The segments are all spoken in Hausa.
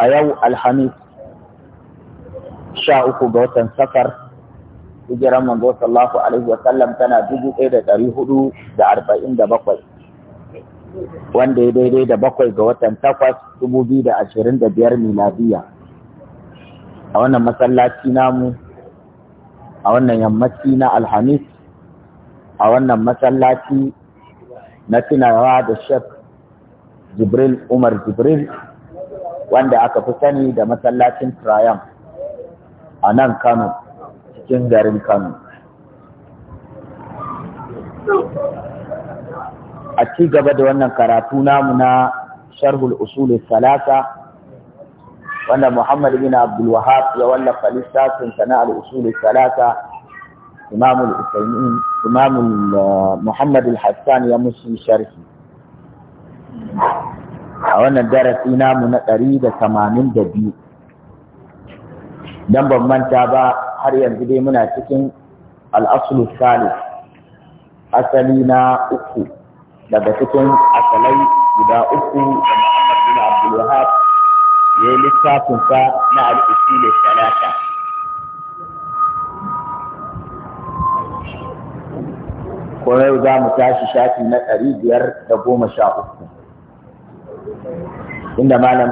a yau alhamis sha uku ga watan safar hijiran manzo sallahu alaihi wa sallam tana dubu ɗaya da ɗari hudu da arba'in da bakwai wanda ya daidai da bakwai ga watan takwas dubu biyu da ashirin da biyar miladiya a wannan masallaci namu a wannan yammaci na alhamis a wannan masallaci na tunawa da shek jibril umar jibril wanda aka fi sani da masallacin triam a nan kano cikin garin kano a ci gaba da wannan karatu namu na sharhul usul salasa wanda Muhammad bin Abdul Wahab ya wallafa lissafin sana al-usul salasa Imam al Imam eh, Muhammad al-Hassan ya musu sharhi a wannan darasi namu na ɗari da tamanin da ban manta ba har yanzu dai muna cikin al al'asulu salis asali na uku daga cikin asalai guda uku da Muhammad bin Abdul Wahab ya yi sa na al al'usulu salata ko yau za mu tashi shafi na 513 inda malam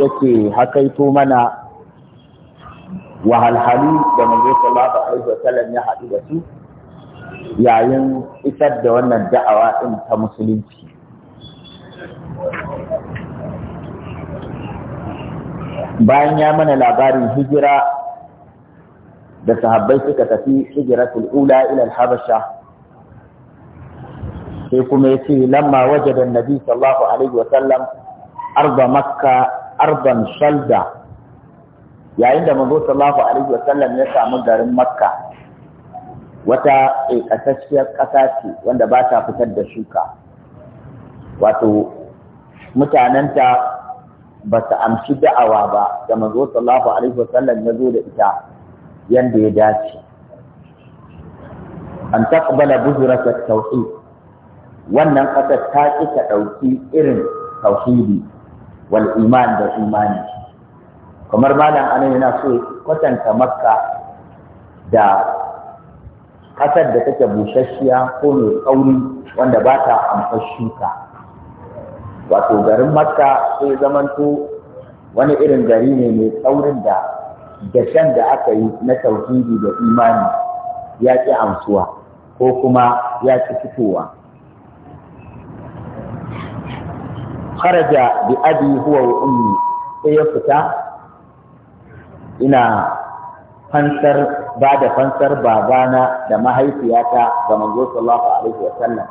yake hakaito mana wahalhalu da manzo sallallahu alaihi wasallam ya haɗu da su yayin isar da wannan da'awa din ta musulunci bayan ya mana labarin hijira da sahabbai suka tafi hijiratul ula ila al-habasha sai kuma ya yace lamma waje da annabi sallahu alaihi wa sallam arda makka Arban shalda yayin da manzo sallahu alaihi wa sallam ya samu garin makka wata ƙasasshiyar ƙasa ce wanda ba ta fitar da shuka wato mutanenta ba su amshi da'awa ba da manzo sallahu alaihi wa sallam ya zo da ita yadda ya dace an taqbala buzrat at-tauhid wannan ƙasar ta ƙi ta ɗauki irin tauhidi wal iman da imani kamar malam anan yana so kwatanta makka da ƙasar da take busasshiya ko mai tsauri wanda ba ta amfar shuka wato garin makka sai zamanto wani irin gari ne mai tsaurin da dashen da aka yi na tauhidi da imani ya ƙi amsuwa ko kuma ya ƙi fitowa kharaja bi abi huwa wa ummi sai ya fita ina fansar ba da fansar babana da mahaifiyata ga manzo sallallahu alaihi wa sallam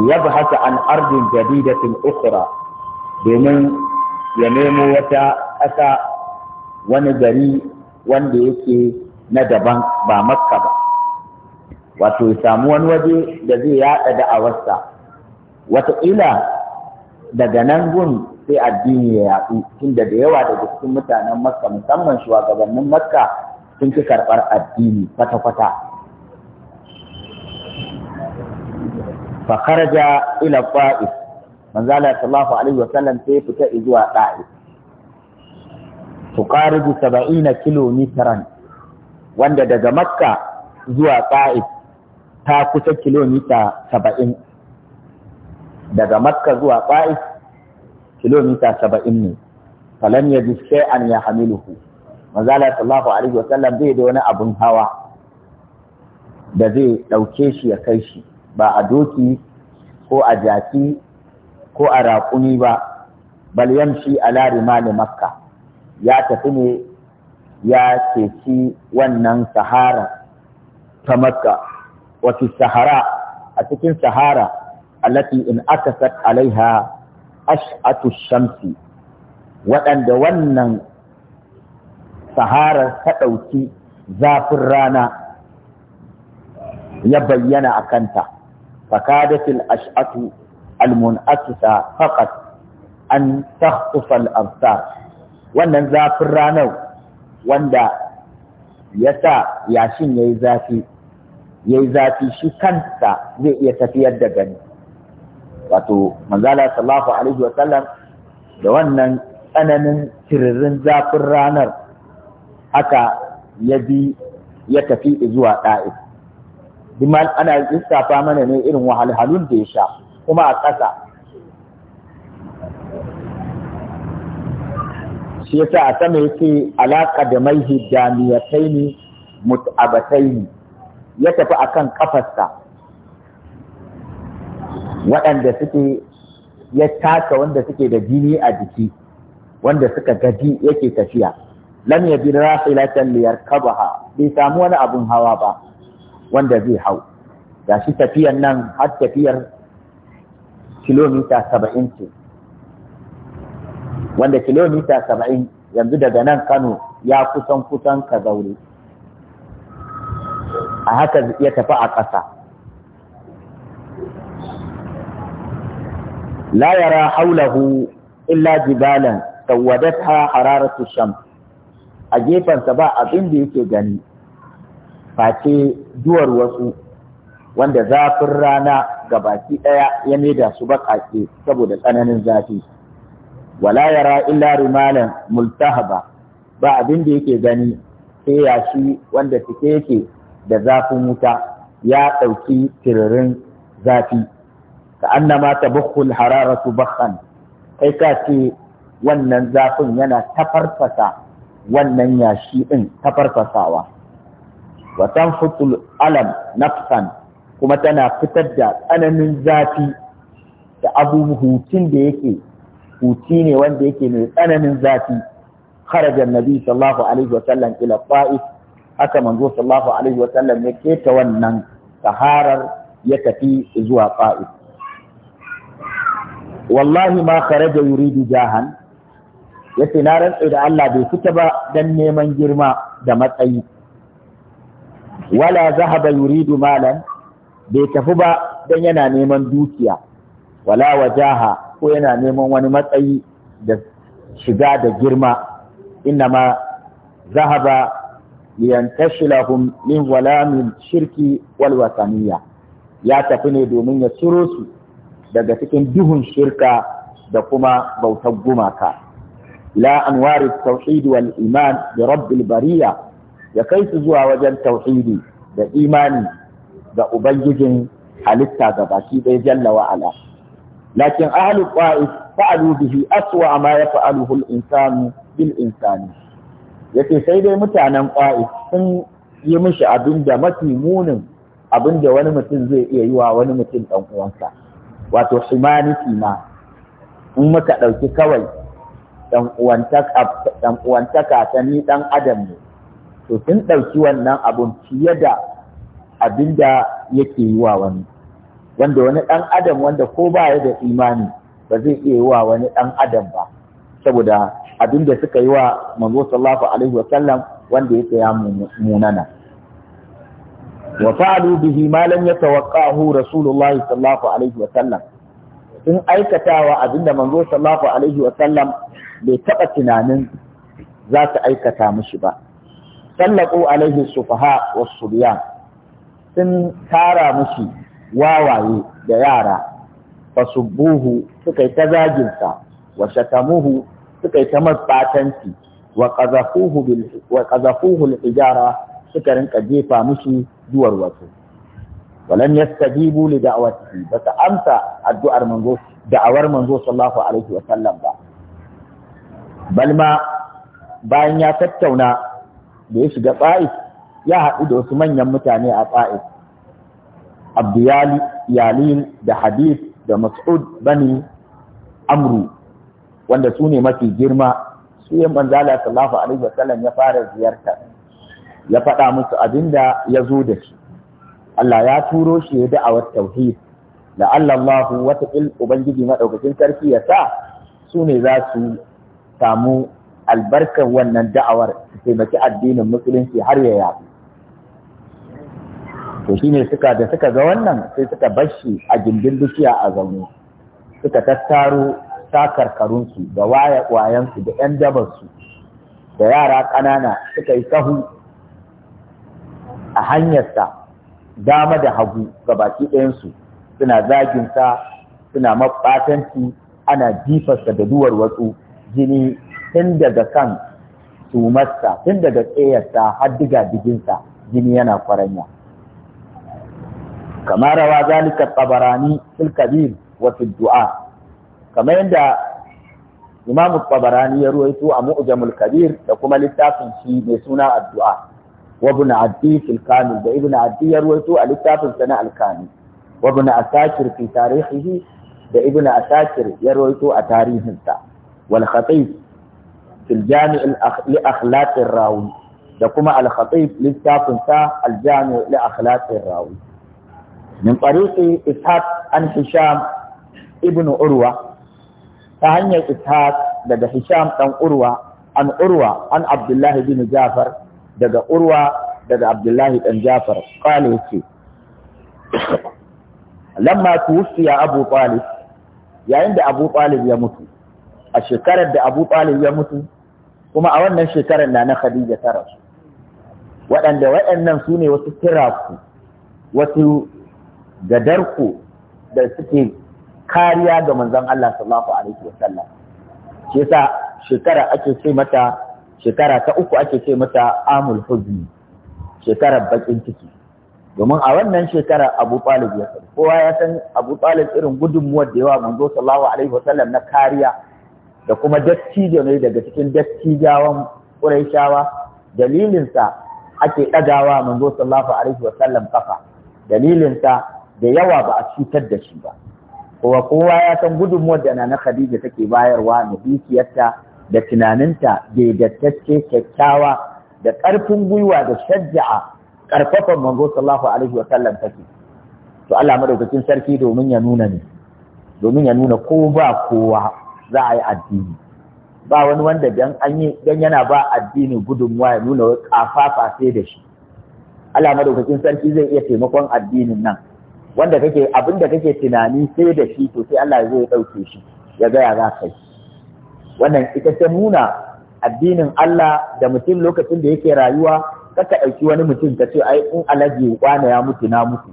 liyabhasa an ardin jadidatin ukhra domin ya nemo wata ƙasa wani gari wanda yake na daban ba makka ba wato ya samu wani waje da zai yaɗa da'awarsa wataƙila daga nan gun sai addini ya yaɗu tunda da yawa daga cikin mutanen makka musamman shugabannin makka sun fi karɓar addini kwata-kwata fakaraja ila manzo Allah sallallahu alaihi sallam sai fita zuwa ɗa'is tuqaribu 70 kilometers wanda daga makka zuwa ɗa'is ta kusa kilomita saba'in daga makka zuwa ta'if kilomita saba'in ne falam ya ji an ya hamiluhu manzala sallallahu alaihi wa sallam bai da wani abun hawa da zai ɗauke shi ya kai shi ba a doki ko a jaki ko a raƙuni ba bal yamshi ala rimali makka ya tafi ne ya ceci wannan sahara ta makka fi sahara a cikin sahara allati in akasat alaiha ash'atu shamsi waɗanda wannan sahara ta ɗauki zafin rana ya bayyana a kanta fakadatil ash'atu almun'akisa faqat an takhtufa al wannan zafin ranar wanda ya yashin yayi zafi yayi zafi shi kanta zai iya tafiyar da gani wato manzala sallallahu alaihi wa sallam da wannan tsananin tiririn zafin ranar aka ya bi ya tafi zuwa ɗa'if bimal ana lissafa mana ne irin wahalhalun da ya sha kuma a ƙasa shi yasa a sama yake alaƙa da mai hiddamiyatai ne mut'abatai ya tafi akan kafarsa waɗanda suke ya taka wanda suke da jini a jiki wanda suka gaji yake tafiya lam yaji rafilatan yarkabaha bai samu wani abun hawa ba wanda zai hau gashi tafiyan nan har tafiyar kilomita saba'in ce wanda kilomita saba'in yanzu daga nan kano ya kusan kusan ka zaure a haka ya tafi a ƙasa la yara haulahu illa jibalan tawadatha hararatu shams a gefansa ba abin da yake gani face duwar wasu wanda zafin rana ga baki ɗaya ya nida su baƙaƙe saboda tsananin zafi wala yara illa rimalan multahaba ba abin da yake gani sai yashi wanda suke yake da zafin wuta ya ɗauki tiririn zafi ka annama tabukhul hararatu bakhan kai ka ce wannan zafin yana tafarfasa wannan yashi din tafarfasawa wa tanfutul alam nafsan kuma tana fitar da tsananin zafi da abubuwan da yake huti ne wanda yake mai tsananin zafi kharajan nabi sallallahu alaihi wa sallam ila fa'is haka manzo sallallahu alaihi wa sallam ya keta wannan saharar ya tafi zuwa fa'is wallahi ma kharaja yuridu jahan yace na rantsa da Allah bai fita ba dan neman girma da matsayi wala zahaba yuridu malan bai tafi ba dan yana neman dukiya wala wajaha ko yana neman wani matsayi da shiga da girma ma zahaba liyantashilahum min walamin shirki wal wasaniyya ya tafi ne domin ya ciro su daga cikin duhun shirka da kuma bautar gumaka la anwari tauhid wal iman da rabbil bariya ya kai su zuwa wajen tauhidi da imani da ubangijin halitta ga baki ɗaya jalla wa ala lakin ahlu qa'is fa'alu bihi aswa ma yaf'aluhu hul insani bil insani yace sai dai mutanen qa'is sun yi mishi abin da mafi munin abin da wani mutum zai iya yi wa wani mutum ɗan uwansa wato humanity ma in muka ɗauki kawai ɗan uwantaka ta ni ɗan adam ne to sun ɗauki wannan abun fiye da abin da yake yi wa wani wanda wani ɗan adam wanda ko ba ya da imani ba zai iya yi wa wani ɗan adam ba saboda abin da suka yi wa manzo sallallahu alaihi wa sallam wanda yake ya munana wa fa'alu bihi ma lam yatawaqqahu rasulullahi sallallahu alaihi wa sallam sun aikatawa abinda manzo sallallahu alaihi wa sallam bai taba tunanin za ta aikata mishi ba sallaqu alaihi sufaha was subyan sun tara mishi wawaye da yara fasubuhu suka ta zaginsa wa shatamuhu suka ta matsatanci wa qazafuhu bil wa qazafuhu al suka rinka jefa mushi duwar wasu walam yastajibu li da'watihi ba ta amsa addu'ar manzo da'awar manzo sallallahu alaihi wa sallam ba balma bayan ya tattauna da ya shiga Ta'if ya haɗu da wasu manyan mutane a Ta'if Abdiyali Yalil da Hadis da Mas'ud bani Amru wanda su ne mafi girma su yin manzala sallallahu alaihi wasallam ya fara ziyarta ya faɗa musu abin da ya zo da shi Allah ya turo shi ya da'awar tauhid da Allah watakil ubangiji maɗaukacin sarki ya sa su ne za su samu albarkar wannan da'awar su taimaki addinin musulunci har ya yaɗu. to shine suka da suka ga wannan sai suka bashi a gindin dukiya a zaune suka tattaro takarkarunsu da waya wayansu da 'yan dabarsu da yara ƙanana suka yi sahu a hanyarsa dama da hagu ga baki ɗayansu suna zaginsa suna maɓatanci ana jifarsa da duwar wasu jini tun daga kan tumarsa tun daga tsayarsa har diga diginsa jini yana kwaranya kamar rawa zalika tabarani fil kabir wa fil du'a kamar yadda imamu tabarani ya ruwaito a mu'jamul kabir da kuma littafin shi mai suna addu'a wa ibn addi da ibn addi ya a littafinsa na al-kamil wa ibn asakir da ibn asakir ya a tarihinsa wal khatib fil jami' li da kuma al littafinsa littafin sa al jami' li akhlaq rawi min an hisham ibn urwa ta hanyar ishaq da hisham dan urwa an urwa an abdullahi bin jafar daga urwa daga abdullahi dan jafar qala yace lamma ya abu talib yayin da abu talib ya mutu a shekarar da abu talib ya mutu kuma a wannan shekarar na na khadija ta rasu waɗanda waɗannan su ne wasu kiraku wasu gadarku da suke kariya ga manzon Allah sallallahu alaihi wasallam shi yasa shekara ake ce mata shekara ta uku ake ce mata amul huzni shekarar bakin ciki domin a wannan shekara Abu Talib ya san kowa ya san Abu Talib irin gudunmuwar da yawa manzo sallallahu alaihi wasallam na kariya da kuma dattijo ne daga cikin dattijawan Qurayshawa dalilinsa ake ɗagawa manzo sallallahu alaihi wasallam kafa dalilinsa da yawa ba a cutar da shi ba kowa kowa ya san gudunmuwar da na Khadija take bayarwa na dukiyarta da tunaninta daidaitacce kyakkyawa da ƙarfin gwiwa da shajja'a ƙarfafan manzo sallallahu alaihi wa sallam take to Allah madaukakin sarki domin ya nuna ne domin ya nuna ko ba kowa za a yi addini ba wani wanda dan an yi dan yana ba addini gudunmuwa ya nuna kafafa sai da shi Allah madaukakin sarki zai iya taimakon addinin nan wanda kake abinda kake tunani sai da shi to sai Allah ya dauke shi ya ga ya za kai. wannan ita ta nuna addinin Allah da mutum lokacin da yake rayuwa kaka ɗauki wani mutum ka ce ai in alaji wane ya mutu na mutu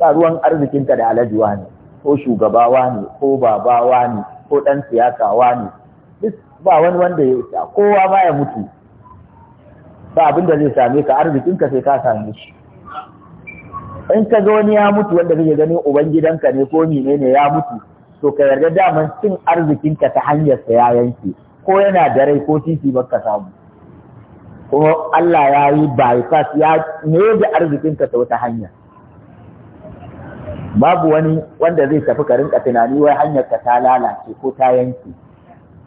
ba ruwan arzikinka da alaji ne, ko shugabawa ne ko babawa ne ko ɗan siyasa ne duk ba wani wanda ya isa kowa ba ya mutu ba abin da zai same ka arzikinka sai ka same shi in ka ga wani ya mutu wanda kake ganin ubangidanka ne ko menene ne ya mutu to ka yarda daman cin arzikinka ta hanyar ya yanke ko yana da rai ko titi baka samu kuma Allah ya yi bypass ya ne da arzikinka ta wata hanya babu wani wanda zai tafi ka rinka tunani wai hanyar ka ta lalace ko ta yanke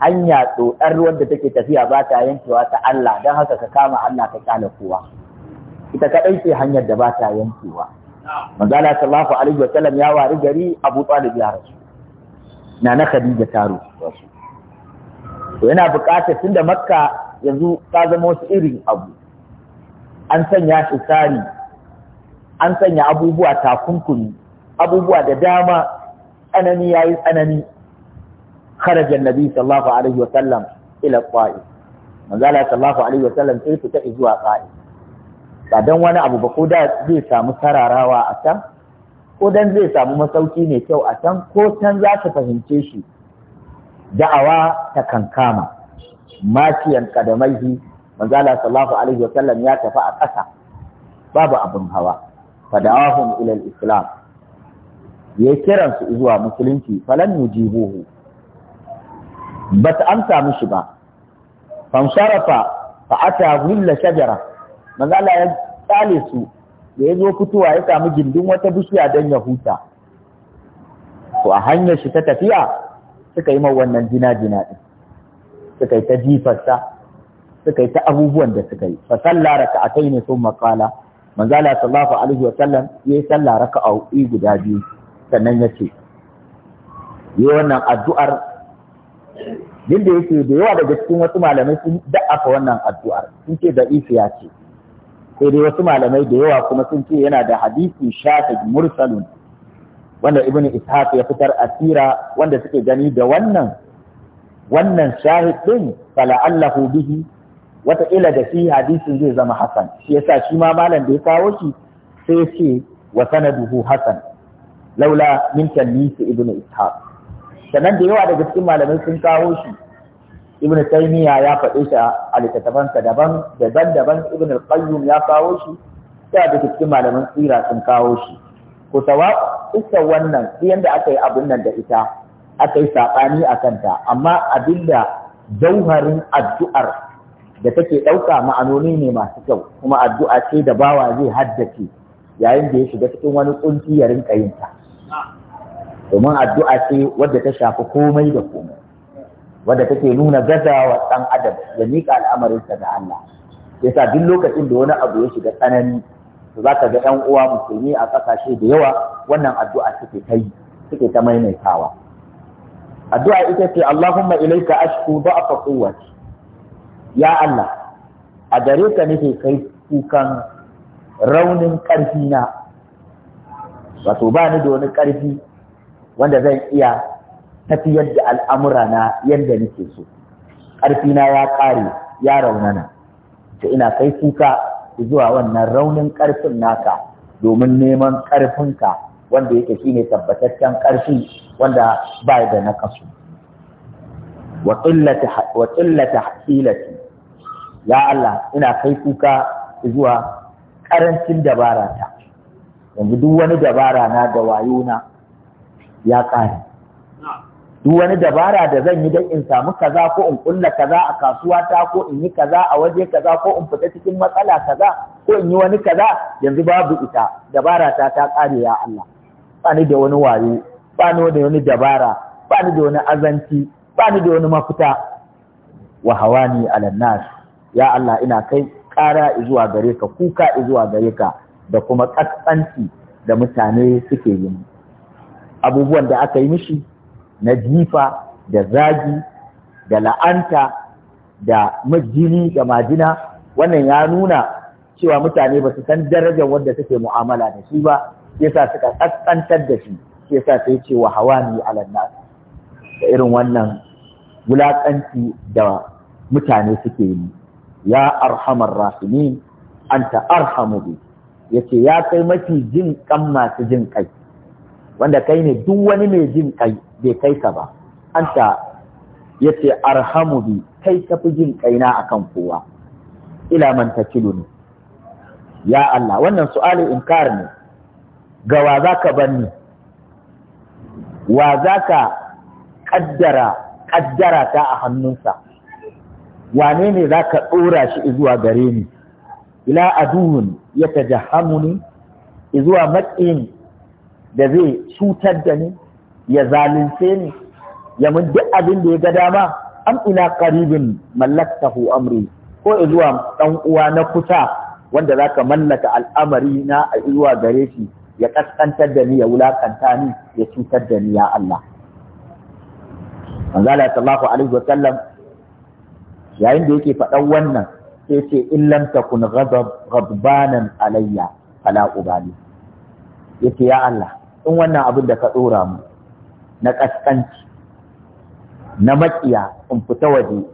hanya tsotsar wanda take tafiya ba ta yankewa ta Allah don haka ka kama Allah ka kyale kowa ita kadai ce hanyar da ba ta yankewa manzala sallallahu alaihi wa sallam ya wari gari Abu Talib ya rasu na na Khadija ta to yana buƙatar tunda Makka yanzu ta zama wasu irin abu an sanya shi tsari an sanya abubuwa takunkumi abubuwa da dama tsanani yayi tsanani kharajan nabi sallallahu alaihi wa sallam ila qa'i manzo Allah sallallahu alaihi wa sallam sai fita zuwa qa'i ba dan wani abu ba ko da zai samu sararawa a can ko dan zai samu masauki mai kyau a can ko can za ta fahimce shi da'awa ta kankama maciyan kadamaihi manzala sallallahu alaihi wa sallam ya tafi a ƙasa babu abin hawa fada'ahum ila al-islam ya kiransu su zuwa musulunci falan yujibuhu ba ta amsa mishi ba famsarafa fa ata hulla shajara manzala ya tsale su da ya zo fitowa ya samu gindin wata bishiya don ya huta to a hanyar shi ta tafiya suka yi wannan jina-jina ɗin suka yi ta jifarsa suka yi ta abubuwan da suka yi fa salla kai ne sun makala manzala sallallahu Alihi wa sallam yayi salla raka'a'o'i guda biyu sannan ya ce yi wannan addu'ar duk da yake da yawa daga cikin wasu malamai sun da'afa wannan addu'ar sun ce da ifiya ce sai dai wasu malamai da yawa kuma sun ce yana da hadisin shahid mursalun wanda Ibn ishaq ya fitar asira wanda suke gani da wannan wannan shahid din allahu bihi wataƙila da shi hadisin zai zama hasan shi yasa shi ma malam da ya kawo shi sai ce wa sanaduhu hasan laula min talmisi ibnu ishaq sannan da yawa daga cikin malamai sun kawo shi ibn taymiya ya faɗi shi a littattafansa daban daban daban ibn al-qayyim ya kawo shi ta da cikin malaman tsira sun kawo shi ko tawa ita wannan da aka yi abin nan da ita aka yi saɓani a kanta amma abinda jauharin addu'ar da take ɗauka ma'anoni ne masu kyau kuma addu'a ce da bawa zai haddace yayin da ya shiga cikin wani kunci ya rinka domin addu'a ce wadda ta shafi komai da komai wadda take nuna gazawa ɗan adam ya miƙa al'amarinsa ga Allah yasa duk lokacin da wani abu ya shiga tsanani to zaka ga ɗan uwa musulmi a ƙasashe da yawa wannan addu'a suke ta yi suke ta maimaitawa addu'a ita ce Allahumma ilaika ashku da'afa quwwati ya Allah a gare ka nake kai kukan raunin ƙarfi na wato ba ni da wani karfi wanda zan iya tafiyar da al'amura na yadda nake so ƙarfina ya ƙare ya raunana ta ina kai kuka zuwa wannan raunin ƙarfin naka domin neman ƙarfinka wanda yake shine tabbataccen ƙarfi wanda ba da na kasu wa qillata ya Allah ina kai kuka zuwa ƙarancin dabara ta yanzu duk wani dabara na da wayo na ya ƙare duk wani dabara da zan yi don in samu kaza ko in kulla kaza a kasuwa ta ko in yi kaza a waje kaza ko in fita cikin matsala kaza ko in yi wani kaza yanzu babu ita dabara ta ta kare ya Allah ba ni da wani wayo ba ni da wani dabara ba ni da wani azanci ba ni da wani mafita wa hawani alan nas ya Allah ina kai kara zuwa gare ka kuka zuwa gare ka da kuma kaskanci da mutane suke yi abubuwan da aka yi mishi na jifa da zagi da la'anta da majini da majina wannan ya nuna cewa mutane ba su san darajar wanda suke mu'amala da shi ba yasa suka tsantsantar da shi yasa sai ce wa hawani ala nas da irin wannan wulakanci da mutane suke yi ya arhamar rahimin anta arhamu bi yace ya kai mafi jin kan masu jin kai wanda kai ne duk wani mai jin kai bai kai ka ba anta yace arhamu bi kai ka fi jin kaina akan kowa ila man takiluni ya Allah wannan su'ali inkar ne ga wa ka banni wa zaka kaddara kaddara ta a hannunsa wane ne zaka ɗora shi zuwa gare ni ila aduhun ya tajahamuni zuwa matsayin da zai cutar da ni ya zalunce ni ya mun abin da ya ga dama am ila qaribin mallaktahu amri ko zuwa dan uwa na kuta, wanda zaka mallaka al'amari na a zuwa gare shi ya kaskantar da ni ya wulakanta ni ya cutar da ni ya Allah manzala sallallahu alaihi wa sallam yayin da yake faɗan wannan sai ce in lam takun ghadab alayya fala ubali yake ya Allah in wannan abin da ka ɗora mu na ƙasƙanci na maƙiya in fita waje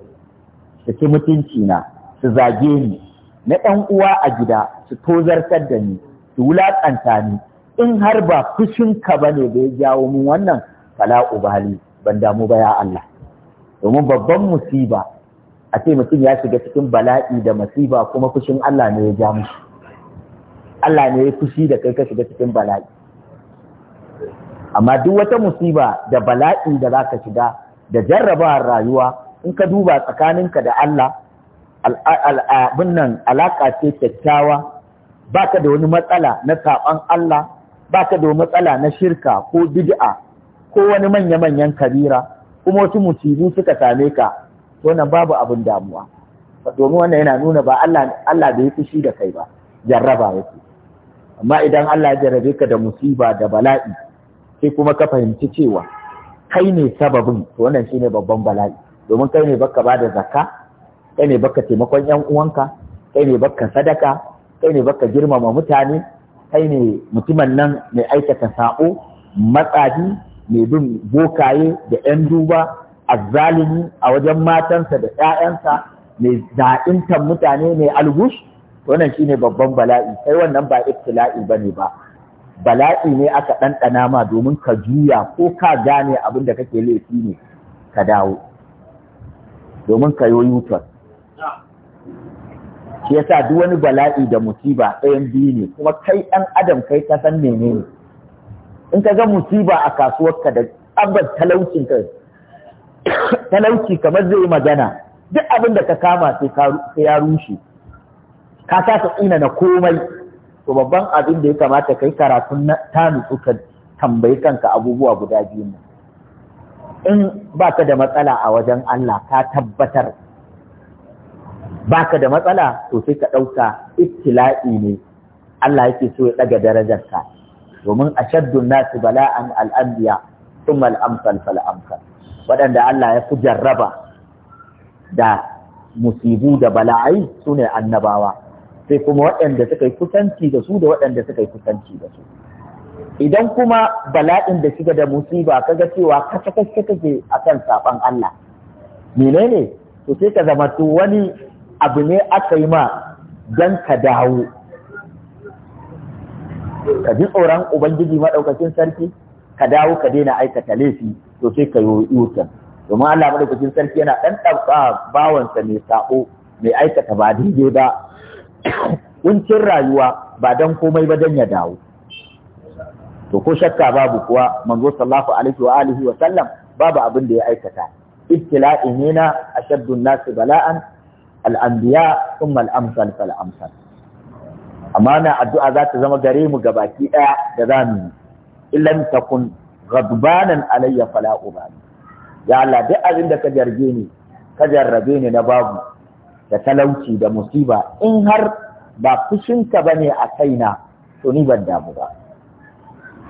su ci mutunci na su zage ni na ɗan uwa a gida su tozartar da ni su wulaƙanta ni in har ba fushinka ba ne da ya jawo min wannan fala ubali ban damu ba ya Allah domin babban musiba a ce mutum ya shiga cikin bala'i da masiba kuma fushin Allah ne ya ja mushi Allah ne ya fushi da kai ka shiga cikin bala'i amma duk wata musiba da bala'i da za ka shiga da jarrabawar rayuwa in ka duba tsakaninka da Allah abin nan alaƙa ce kyakkyawa baka da wani matsala na saɓan Allah baka da wani matsala na shirka ko bid'a ko wani manya-manyan kabira kuma wasu musibu suka same ka wannan babu abin damuwa domin wannan yana nuna ba Allah bai fushi da kai ba jarraba yake amma idan Allah ya jarrabe ka da musiba da bala'i sai kuma ka fahimci cewa kai ne sababin to wannan shine babban bala'i domin kai ne baka bada zakka kai ne baka taimakon yan uwanka kai ne baka sadaka kai ne baka girmama mutane kai ne mutumin nan mai aikata sa'o matsadi mai bin bokaye da yan duba azzalimi a wajen matansa da ƴaƴansa, mai za'intan mutane mai algush wannan shine babban bala'i sai wannan ba ibtila'i bane ba bala'i ne aka ɗanɗana ma domin ka juya ko ka gane abin da kake laifi ne ka dawo domin ka yi shi yasa duk wani bala'i da musiba ɗayan biyu ne kuma kai ɗan adam kai ka san menene in ka ga musiba a kasuwarka da tsabar talauci kamar zai magana duk abin da ka kama sai ya rushe ka sa ka tsina na komai to babban abin da ya kamata kai karatun ta nutsu ka tambayi kanka abubuwa guda biyu in baka da matsala a wajen Allah ka tabbatar baka da matsala to sai ka ɗauka ittila'i ne Allah yake so ya ɗaga darajarka domin ashaddun nasu bala'an al'anbiya thumma al'amsal fal amsal waɗanda Allah ya fi jarraba da musibu da bala'ai sune annabawa sai kuma waɗanda suka yi kusanci da su da waɗanda suka yi kusanci da su idan kuma bala'in da shiga da musiba ka ga cewa kasa kake kake akan saɓon Allah menene to sai ka zama to wani abu ne aka yi ma don ka dawo ka ji tsoron ubangiji maɗaukacin sarki ka dawo ka daina aikata laifi to sai ka yi yutan domin Allah maɗaukacin sarki yana ɗan ɗan bawansa mai saɓo mai aikata ba daidai ba kuncin rayuwa ba don komai ba don ya dawo to ko shakka babu kuwa manzo sallallahu alaihi wa alihi wa sallam babu abin da ya aikata ibtila'i ne na ashaddu nasu bala'an al-anbiya thumma al amma na addu'a za ta zama gare mu ga baki ɗaya, da zamu illam takun ghadbanan alayya fala ubali ya Allah duk abin da ka jarge ni ka jarrabe ni na babu da talauci da musiba in har ba fushinka ba ne a kaina to ni ban damu ba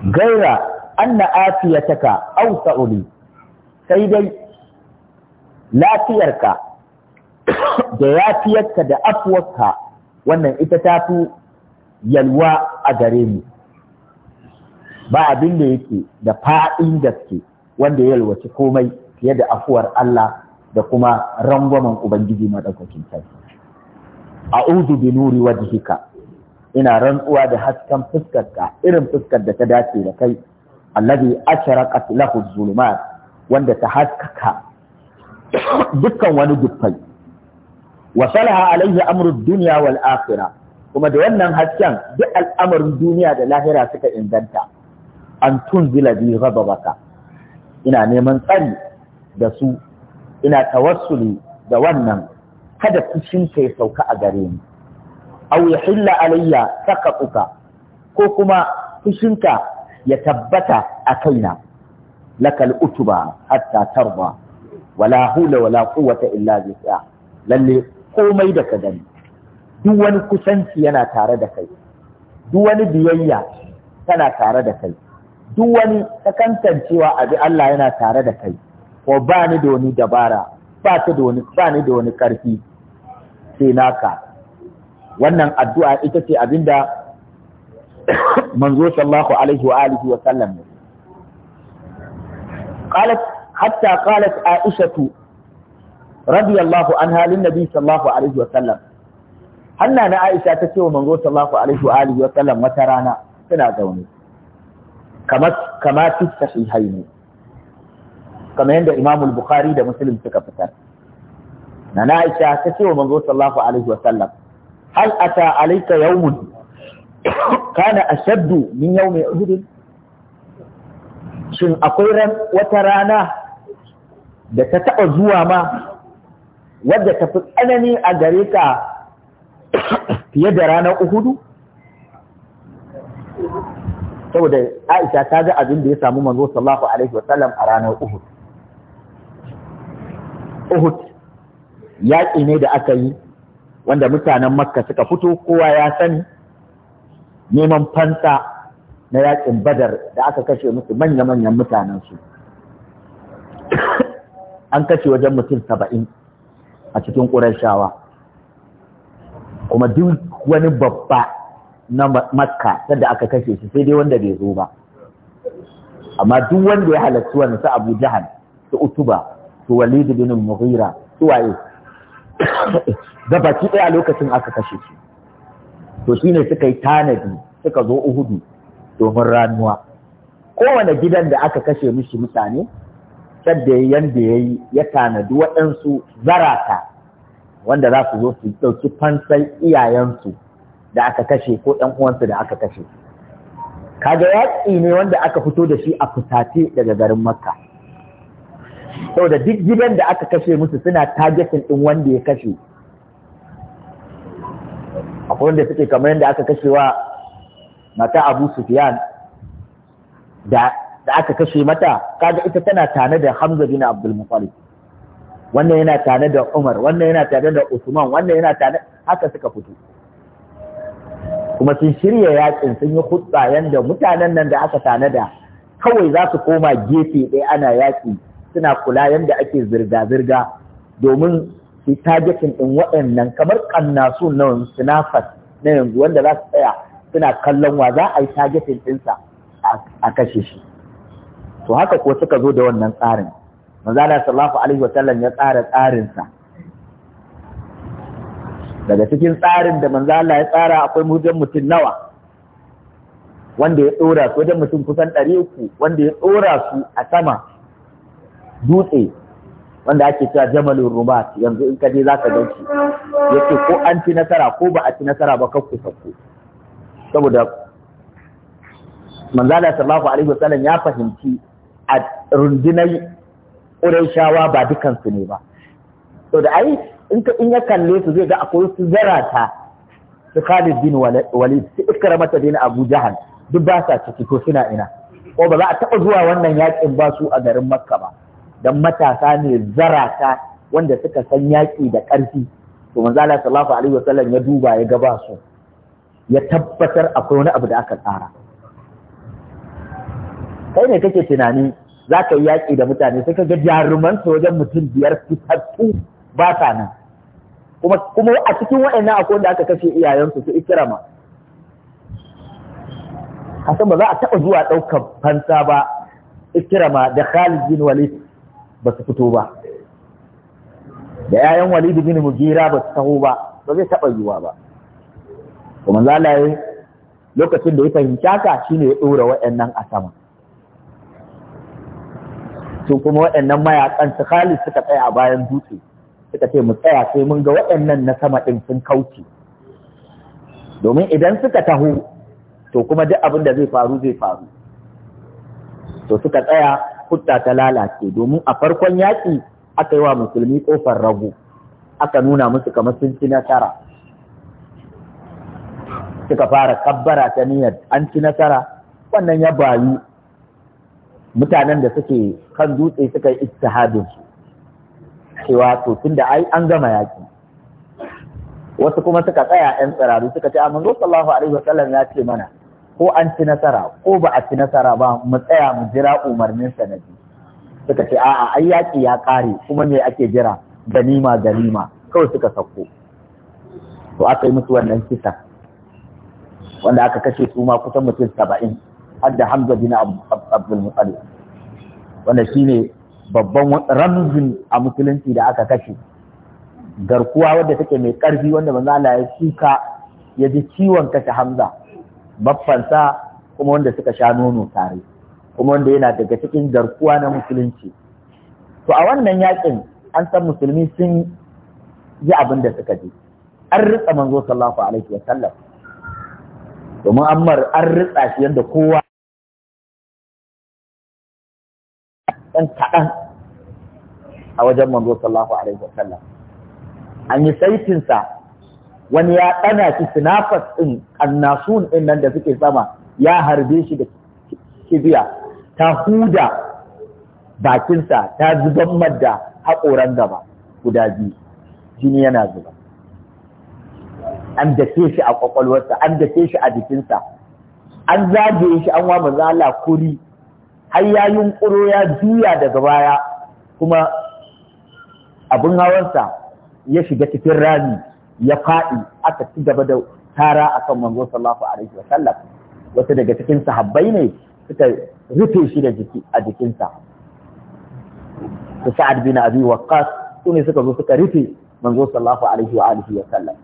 gaira anna afiyataka ausa uli sai dai lafiyarka da yafiyarka da afuwarka wannan ita ta fi yalwa a gare mu. ba abin da yake da fa'in gaske wanda ya yalwaci komai fiye da afuwar Allah da kuma rangwamen ubangiji madaukakin sarki a'udhu bi nuri wajhika ina rantsuwa da hasken fuskarka irin fuskar da ta dace da kai allazi ashraqat lahu zulumat wanda ta haskaka dukkan wani dukkai wa salaha alaihi amru dunya wal akhirah kuma da wannan hasken duk al'amarin duniya da lahira suka inganta an tunzila bi ghadabaka ina neman tsari da su ina tawassuli da wannan kada fushin ka ya sauka a gare ni aw yahilla alayya saqatuka ko kuma fushinka ya tabbata a kaina lakal utuba hatta tarda wala hula wala quwwata illa billah lalle komai da ka gani duk wani kusanci yana tare da kai duk wani biyayya tana tare da kai duk wani sakantancewa bi Allah yana tare da kai ko ba ni da wani dabara ba ta da wani ba ni da wani ƙarfi? sai naka wannan addu'a ita ce abinda manzo sallallahu alaihi wa alihi wa sallam qalat hatta qalat aishatu radiyallahu anha lin nabi sallallahu alaihi wa sallam hanna na aisha ta ce wa manzo sallallahu alaihi wa alihi wa sallam wata rana tana zaune kamar kamar sahihaini kamar yadda Imam Bukhari da Muslim suka fitar na na Aisha ta ce wa manzo sallallahu alaihi wa sallam hal ata alayka yawmun kana ashaddu min yawmi uhud shin akwai ran wata rana da ta taba zuwa ma wadda ta fi tsanani a gare ka fiye da ranar uhudu saboda Aisha ta ga abin da ya samu manzo sallallahu alaihi wa sallam a ranar Uhud Uhud yaƙi ne da aka yi wanda mutanen Makka suka fito kowa ya sani neman fansa na yaƙin Badar da aka kashe musu manya-manyan mutanensu. An kashe wajen mutum saba'in a cikin ƙurashawa. Kuma duk wani babba na Makka sanda aka kashe shi sai dai wanda bai zo ba. Amma duk wanda ya halarci wani su Abu Jahal su Utuba su walid bin mughira su waye da baki ɗaya lokacin aka kashe su to shine suka yi tanadi suka zo uhudu domin ranuwa kowane gidan da aka kashe mishi mutane sadda yanda ya yi ya tanadi waɗansu zarata wanda za su zo su ɗauki fansai iyayensu da aka kashe ko ɗan uwansu da aka kashe kaga yaƙi ne wanda aka fito da shi a fusace daga garin makka saboda duk gidan da aka kashe musu suna targetin din wanda ya kashe akwai wanda suke kamar yadda aka kashe wa mata Abu Sufyan da da aka kashe mata kaga ita tana tane da Hamza bin Abdul Muttalib wannan yana tane da Umar wannan yana tane da Usman wannan yana tane haka suka fito kuma sun shirya yakin sun yi hutsa yadda mutanen nan da aka tanada kawai za su koma gefe ɗaya ana yaƙi suna kula yadda ake zirga-zirga domin su targeting ɗin waɗannan kamar kannasu na sinafas na yanzu wanda za su tsaya suna kallon wa za a yi targeting ɗinsa a kashe shi to haka ko suka zo da wannan tsarin manzala sallallahu alaihi wasallam ya tsara tsarinsa daga cikin tsarin da manzala ya tsara akwai mujan mutum nawa wanda ya ɗora su wajen mutum kusan ɗari uku wanda ya ɗora su a sama dutse wanda ake cewa jamalin rumat yanzu in ka je za ka ganci yake ko an ci nasara ko ba a ci nasara ba kakku sakku saboda manzala sallallahu alaihi wasallam ya fahimci a rundunar shawa ba dukansu ne ba to da ai in ya kalle su zai ga akwai su zarata su Khalid bin Walid su Ikramata bin Abu Jahal duk ba sa ciki to suna ina ko ba za a taɓa zuwa wannan yakin ba su a garin Makka ba dan matasa ne zarata wanda suka san yaƙi da ƙarfi to manzo Allah sallallahu alaihi wasallam ya duba ya gaba su ya tabbatar akwai wani abu da aka tsara kai ne kake tunani za ka yi yaƙi da mutane sai ka ga jaruman wajen mutum biyar fitattu ba sa nan kuma kuma a cikin wa'annan akwai wanda aka kashe iyayensu su ikirama a ba za a taɓa zuwa ɗaukar fansa ba ikirama da Khalid bin Walid ba su fito ba da yayan walidu gini mugira ba su taho ba ba zai taɓa yiwa ba kuma zalaye lokacin da ya fahimci haka shine ya ɗora wa'annan a sama su kuma waɗannan mayakan su Khalid suka tsaya a bayan dutse suka ce mu tsaya sai mun ga waɗannan na sama ɗin sun kauce domin idan suka taho to kuma duk abin da zai faru zai faru to suka tsaya hutta ta lalace domin a farkon yaƙi aka yi wa musulmi ƙofar rago aka nuna musu kamar sun ci nasara suka fara kabbara ta niyyar an ci nasara wannan ya bayu mutanen da suke kan dutse suka yi ittihadin su cewa to da ai an gama yaƙi wasu kuma suka tsaya 'yan tsiraru suka ce amma sallallahu alaihi wasallam ya ce mana ko an ci nasara ko ba a ci nasara ba mu tsaya mu jira umarnin sanadi suka ce a'a ai yaki ya ƙare kuma me ake jira ganima ganima kawai suka sauko to aka yi musu wannan kisa wanda aka kashe su ma kusan mutum saba'in har da hamza bin abdul mutalib wanda ne babban ramzin a musulunci da aka kashe garkuwa wadda take mai ƙarfi wanda manzo ya shuka ya ji ciwon kashe hamza baffansa kuma wanda suka sha nono tare kuma wanda yana daga cikin garkuwa na musulunci to a wannan yakin an san musulmi sun yi abin da suka je an ritsa manzo sallallahu alaihi wa sallam domin ammar an ritsa shi yadda kowa ɗan kaɗan a wajen manzo sallallahu alaihi wa sallam an yi saitinsa wani ya ɗana shi sinafas ɗin annasun ɗin nan da suke sama ya harbe shi da kibiya ta huda bakinsa ta zuban madda haƙoran gaba guda biyu jini yana zuba an dake shi a ƙwaƙwalwarsa an dace shi a jikinsa an zagaye shi an wa zala kuri har ya yunƙuro ya juya daga baya kuma abin hawansa ya shiga cikin rami ya faɗi aka ci gaba da tara kan manzo sallallahu alaihi wa sallam wasu daga cikin sahabbai ne suka rufe shi da jiki a jikinsa su sa'ad bin abi waqqas su ne suka zo suka rufe manzo sallallahu alaihi wa alihi wa sallam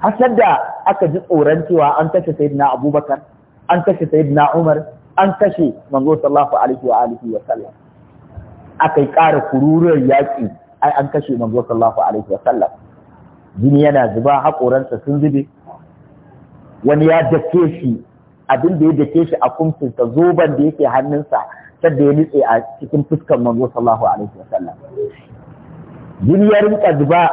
har da aka ji tsoron cewa an kashe sayyidina abubakar an kashe sayyidina umar an kashe manzo sallallahu alaihi wa alihi wa sallam akai ƙara kururuwar yaƙi ai an kashe manzo sallallahu alaihi wa sallam jini yana zuba haƙoransa sun zube wani ya dake shi abin da ya dake shi a kumfinsa zoban da yake hannunsa sadda ya nutse a cikin fuskar manzo sallahu alaihi sallam. jini ya rinka zuba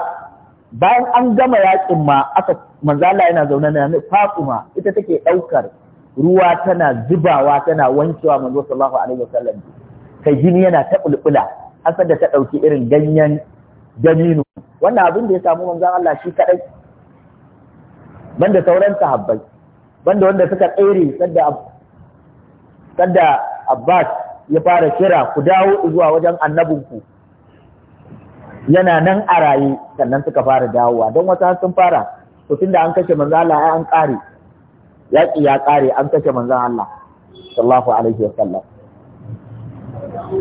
bayan an gama yaƙin ma aka manzala yana zaune na Fatima ita take ɗaukar. ruwa tana zubawa tana wankewa manzo sallahu alaihi sallam. kai jini yana ta bulbula asar da ta dauki irin ganyen danino wannan abin da ya samu manzan Allah shi kaɗai, ban da sauran sahabbai da wanda suka tsere sadda Abbas ya fara kira ku dawo zuwa wajen annabinku yana nan a raye sannan suka fara dawowa don wata sun fara to da an kashe manzan Allah ai an kare yaƙi ya ƙare an kashe manzan Allah sallallahu alaihi sallam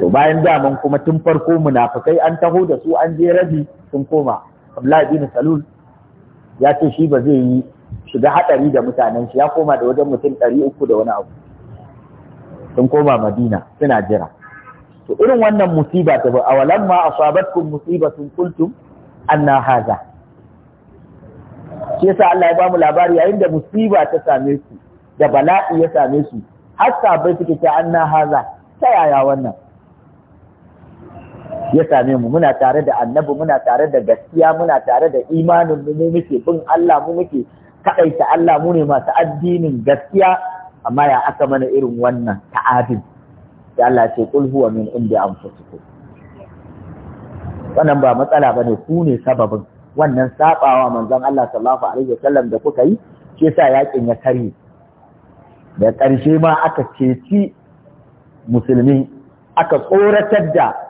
to bayan daman kuma tun farko munafikai an taho da su an je rabi sun koma Abdullahi bin Salul ya ce shi ba zai yi shiga haɗari da mutanen shi ya koma da wajen mutum ɗari da wani abu sun koma Madina suna jira to irin wannan musiba ta ba awalan ma asabatkum musibatun kuntum anna haza shi yasa Allah ya ba mu labari yayin da musiba ta same su da bala'i ya same su har sabai suke ta anna haza ta yaya wannan ya same mu muna tare da annabi muna tare da gaskiya muna tare da imanin mu muke bin Allah mu muke kadaita Allah mu ne masu addinin gaskiya amma ya aka mana irin wannan ta'adin sai Allah ce kul huwa min indi anfusikum wannan ba matsala bane ku ne sababin wannan sabawa manzon Allah sallallahu alaihi wasallam da kuka yi shi yasa yakin ya kare da ƙarshe ma aka ceci musulmi aka tsoratar da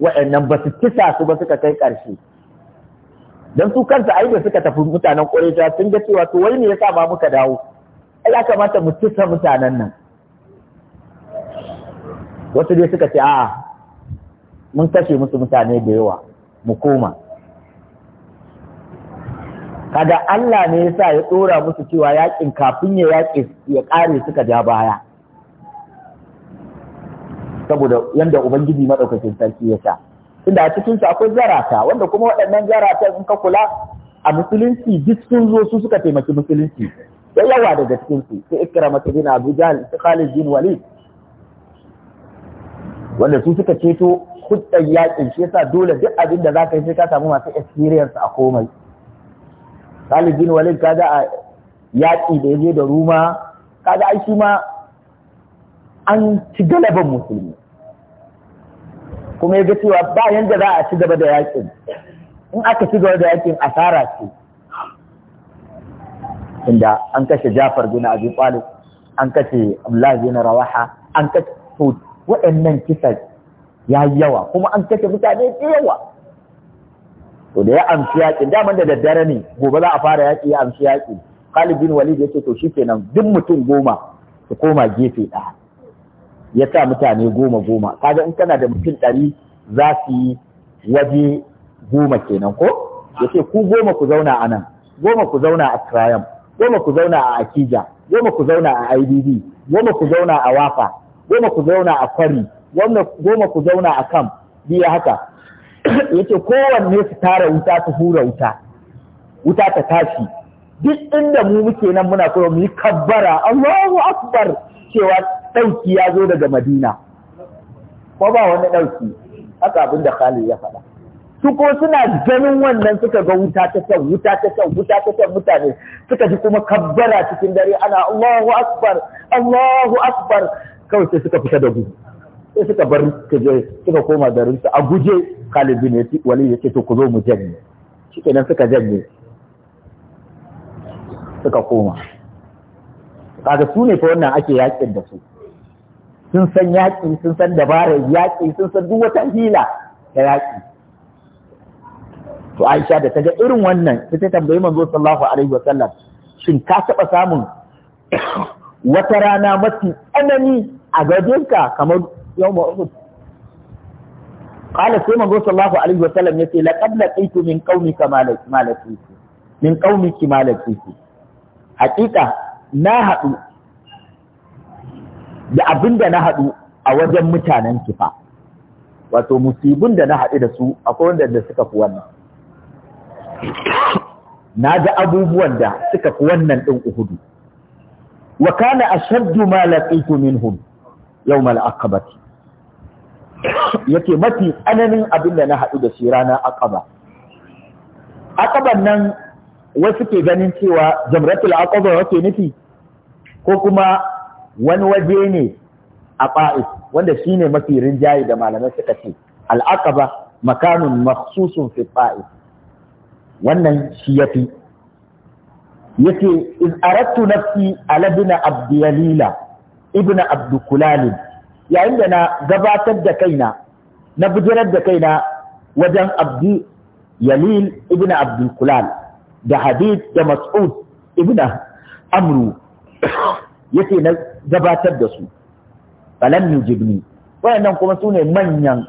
wa'annan ba su kisa su ba suka kai ƙarshe don su kansa ai da suka tafi mutanen ƙureja sun ga cewa to wai me yasa ba muka dawo ai ya kamata mu kisa mutanen nan wasu dai suka ce a'a mun kashe musu mutane da yawa mu koma kaga Allah ne yasa ya ɗora musu cewa yaƙin kafin ya yaƙi ya ƙare suka ja baya saboda yanda ubangiji maɗaukacin sarki ya sha tunda a cikinsu akwai zarata wanda kuma waɗannan zarata in ka kula a musulunci duk sun zo su suka taimaki musulunci da yawa daga cikin su sai ikira bin abu jahl su khalid bin walid wanda su suka ceto huddan yakin shi yasa dole duk abin da zaka yi sai ka samu masu experience a komai khalid bin walid ka ga a yaƙi da yaje da ruma kaga ai shi ma an ci galaban musulmi kuma ya ga cewa ba yanda za a ci gaba da yakin in aka ci gaba da yakin asara ce inda an kashe Jafar bin Abi Talib an kashe Abdullah bin Rawaha an kashe to waɗannan kisa ya yawa kuma an kashe mutane da yawa to da ya amshi yakin daman da daddare ne gobe za a fara yaki ya amshi yaki Khalid bin Walid ce to shikenan duk mutum goma su koma gefe ɗaya ya sa mutane goma goma kaga in kana da mutum ɗari za su yi waje goma kenan ko ya ce ku goma ku zauna a nan goma ku zauna a kirayam goma ku zauna a akija goma ku zauna a idd goma ku zauna a wafa goma ku zauna a kwari goma ku zauna a kam biya haka ya ce kowanne su tara wuta su hura wuta wuta ta tashi duk inda mu muke nan muna koyo mu yi kabbara Allahu akbar cewa ɗauki ya zo daga madina ko ba wani ɗauki haka abin da Khalil ya faɗa su ko suna ganin wannan suka ga wuta ta can wuta ta can wuta ta can mutane suka ji kuma kabbara cikin dare ana Allahu akbar Allahu akbar kawai sai suka fita da gudu sai suka bar je suka koma garin su a guje Khalid bin Walid yace to ku zo mu janye shikenan suka janye suka koma kaga su ne fa wannan ake yakin da su sun san yaƙi sun san dabarar yaƙi sun san duk wata hila ta yaƙi to Aisha da ta ga irin wannan sai ta tambayi manzo sallallahu alaihi wasallam shin ka taɓa samun wata rana mafi tsanani a gajinka kamar yau uku? qala sai manzo sallallahu alaihi wasallam yace laqad laqitu min qaumika malaki min qaumiki malaki hakika na haɗu da abin da na haɗu a wajen mutanen kifa wato musibin da na haɗu da su akwai wanda da suka fi wannan na ga abubuwan da suka fi wannan ɗin uhudu wa kana ashaddu ma laqitu yau yawm al-aqabah yake mafi tsananin abin da na haɗu da shi ranar aqaba aqaban nan wasu ke ganin cewa jamratul aqaba yake nufi ko kuma wani waje ne a ba'is wanda shine mafi rinjaye da malamai suka ce al'aqaba makanun makhsusun fi ba'is wannan shi yafi yace iz aradtu nafsi ala ibn abdiyalila ibn abdukulal yayin da na gabatar da kaina na bujirar da kaina wajen abdi yalil ibn abdukulal da hadid da mas'ud ibn amru yace na gabatar da su mu jibni wayannan kuma su ne manyan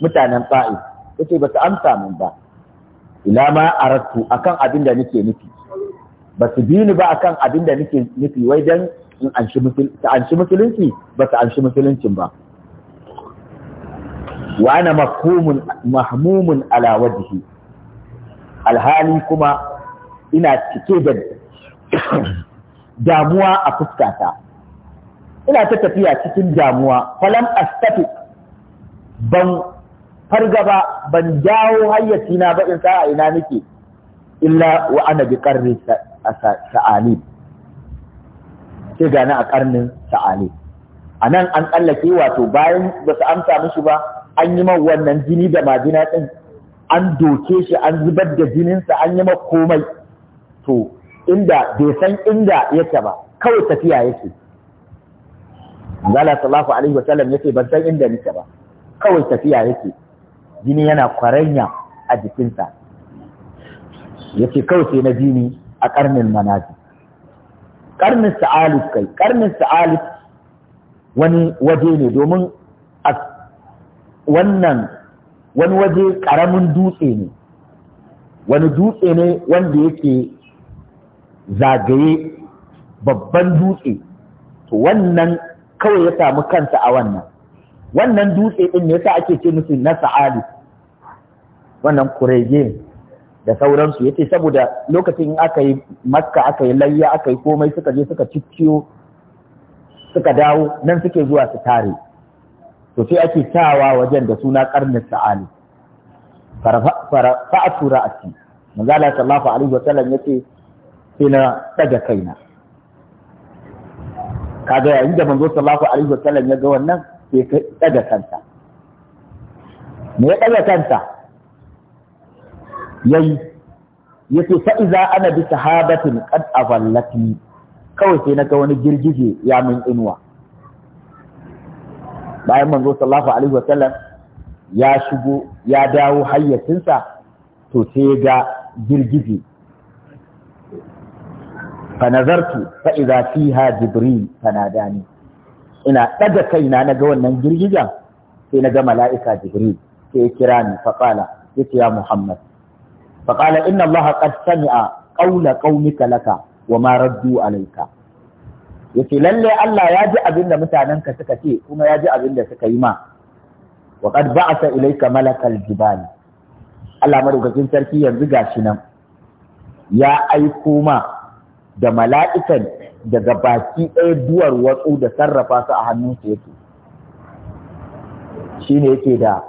mutanen fa'i yace ba su amsa min ba ila ma arattu akan abin da nake nufi ba su bi ni ba akan abin da nake nufi wai dan in anshi musulunci ta anshi musulunci ba ta anshi musuluncin ba wa ana mahmumun mahmumun ala wajhi alhali kuma ina cike da damuwa a fuskata ina ta tafiya cikin damuwa falam astati ban fargaba ban jawo hayyaci na ba in sa'a ina nake illa wa ana bi qarni sa'ali sai gani a karnin sa'ali a nan an tsallake wato bayan ba su amsa mishi ba an yi man wannan jini da majina ɗin an doke shi an zubar da jininsa an yi man komai to inda bai san inda yake ba kawai tafiya yake Allah sallallahu alaihi wasallam yace ban san inda nake ba kawai tafiya yake jini yana kwaranya a jikinsa yace kawai sai na jini a karnin manaji karnin sa'alif kai karnin sa'alif wani waje ne domin a wannan wani waje karamin dutse ne wani dutse ne wanda yake zagaye babban dutse to wannan kawai ya samu kansa a wannan wannan dutse ɗin ne yasa ake ce musu na sa'ali wannan kurege da sauransu yace saboda lokacin aka yi makka aka yi layya aka yi komai suka je suka cikkiyo suka dawo nan suke zuwa su tare to sai ake tawa wajen da suna karnin sa'ali farfa'atu ra'ati manzo Allah sallallahu alaihi wasallam yace sai na daga kaina kaga yayin da manzo sallallahu alaihi wasallam ya ga wannan sai ka daga kanta me ya daga kanta yayi yace fa iza ana bi sahabatin qad afallati kawai sai naga wani girgije ya min inuwa bayan manzo sallallahu alaihi wasallam ya shigo ya dawo hayyacinsa to sai ga girgije fa nazartu fa idza fiha jibril fanadani ina ɗaga kaina na ga wannan girgijan sai na ga mala'ika jibril sai ya kira ni fa Fakala, yace ya muhammad fa qala laka wa ma raddu alayka yace lallai Allah ya ji abinda mutanenka suka ce kuma ya ji abin da suka yi ma wa ba'asa ba'atha ilayka malakal jibal Allah madaukakin sarki yanzu gashi nan ya aiko ma da mala'ikan daga baki ɗaya duwar watsu da sarrafa su a hannunsu yake shi ne yake da